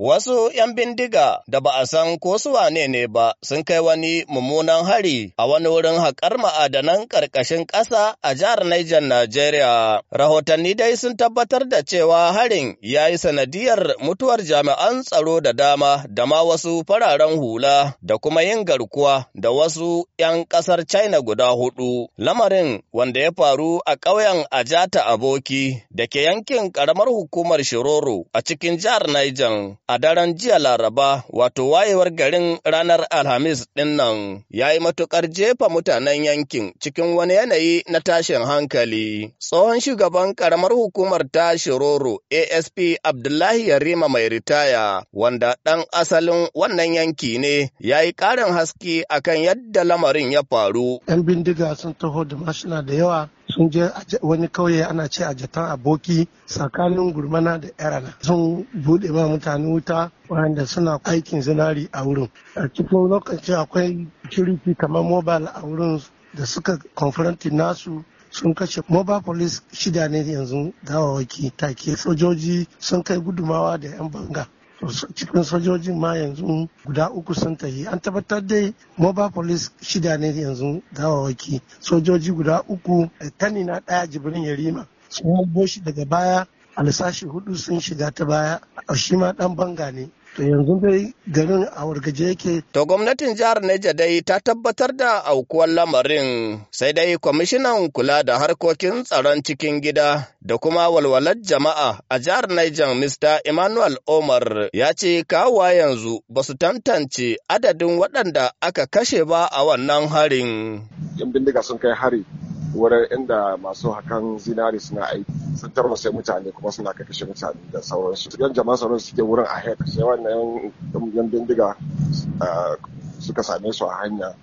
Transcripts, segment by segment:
Wasu ‘yan bindiga da ba a san ko su wane ne ba sun kai wani mummunan hari a wani wurin haƙar ma'adanan ƙarƙashin ƙasa a jihar Niger, Najeriya. Rahotanni dai sun tabbatar da cewa harin ya yi sanadiyar mutuwar jami'an tsaro da dama da ma wasu fararen hula da kuma yin garkuwa da wasu ‘yan ƙasar China guda hudu. Lamarin wanda ya faru a ƙauyen Ajata Aboki da ke yankin ƙaramar hukumar Shiroro a cikin jihar Niger. a daren jiya Laraba, wato wayewar garin ranar Alhamis ɗin nan, ya yi matuƙar jefa mutanen yankin cikin wani yanayi na tashin hankali. Tsohon shugaban ƙaramar hukumar ta Shiroro, ASP Abdullahi Yarima mai ritaya, wanda ɗan asalin wannan yanki ne, ya yi ƙarin haske akan yadda lamarin ya faru. ‘Yan bindiga sun taho da mashina da yawa sun je wani kauye ana ce a jatan aboki tsakanin gurmana da erana sun bude ma mutane wuta wanda suna aikin zinari a wurin a cikin lokaci akwai security kamar mobile a wurin da suka confronti nasu sun kashe mobile police shida ne yanzu dawawaki take sojoji sun kai gudumawa da 'yan banga cikin sojojin ma yanzu guda uku sun tafi an tabbatar dai mobile police shida ne yanzu dawawaki sojoji guda uku tani na daya jibrin yarima sun shi daga baya alisashi hudu sun shiga ta baya shi ma dan banga ne To yanzu dai garin a wargaje yake. To gwamnatin jihar Neja dai ta tabbatar da aukuwar lamarin sai dai kwamishinan kula da harkokin tsaron cikin gida da kuma walwalar jama'a a jihar Neja Mr. Emmanuel Omar ya ce kawa yanzu ba su tantance adadin waɗanda aka kashe ba a wannan harin. Yan bindiga sun kai hari wurin inda masu hakan zinari suna aiki sun sai mutane kuma suna kakashe mutane da sauransu yan jama'a sauran suke wurin a haita sai wannan yan bindiga suka same su a hanya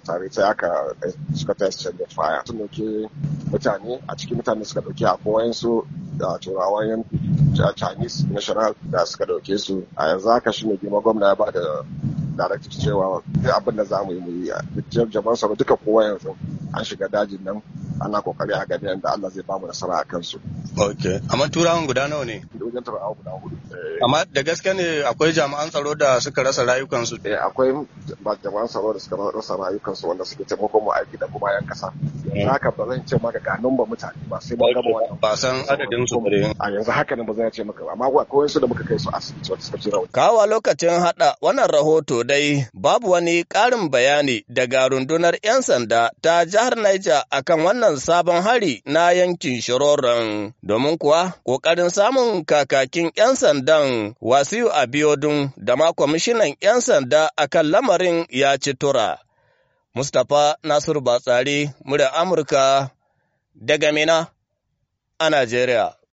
tare ta aka eh, suka test da fire sun dauke mutane a cikin mutane suka dauke a kowayensu da turawan yan chinese national da suka dauke su a yanzu haka shi ne gima gwamna ya ba da directive cewa abin da za mu yi mu yi a jama'an sauran duka kowa yanzu an shiga dajin nan ana kokari a ganin da Allah zai bamu nasara a kansu ok amma turawan guda nawa ne wajen turawa guda hudu eh. amma da gaske ne akwai jami'an tsaro da suka rasa rayukansu eh akwai jami'an tsaro da suka rasa rayukansu wanda suke taimakon mu aiki da kuma yan kasa mm. haka ba zan ce maka ga ba mutane ba sai ba gaba wannan ba san adadin su bare a yanzu haka ne ba zan ce maka ba amma akwai wasu da muka kai su asibiti wanda suka ji rauni kawa lokacin hada wannan rahoto dai babu wani karin bayani daga rundunar yan sanda ta jihar Niger akan wannan sabon hari na yankin Shiroron domin kuwa ƙoƙarin samun kakakin 'yan sandan wasu a biyodun da ma kwamishinan 'yan sanda a kan lamarin ya ci tura. Mustapha Nasiru Batsari, murya Amurka, daga Mina a Najeriya.